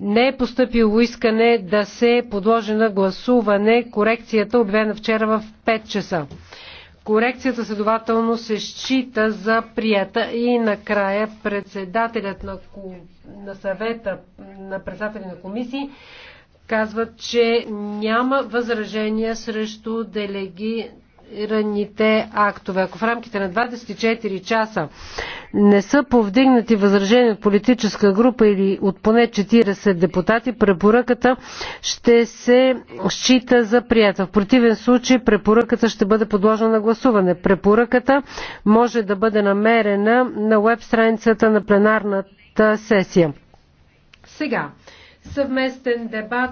не е поступило искане да се подложи на гласуване корекцията, обявена вчера в 5 часа. Корекцията следователно се счита за прията и накрая председателят на, на съвета на председатели на комисии казва, че няма възражения срещу делеги делегираните актове. Ако в рамките на 24 часа не са повдигнати възражения от политическа група или от поне 40 депутати, препоръката ще се счита за прията. В противен случай препоръката ще бъде подложена на гласуване. Препоръката може да бъде намерена на веб страницата на пленарната сесия. Сега, съвместен дебат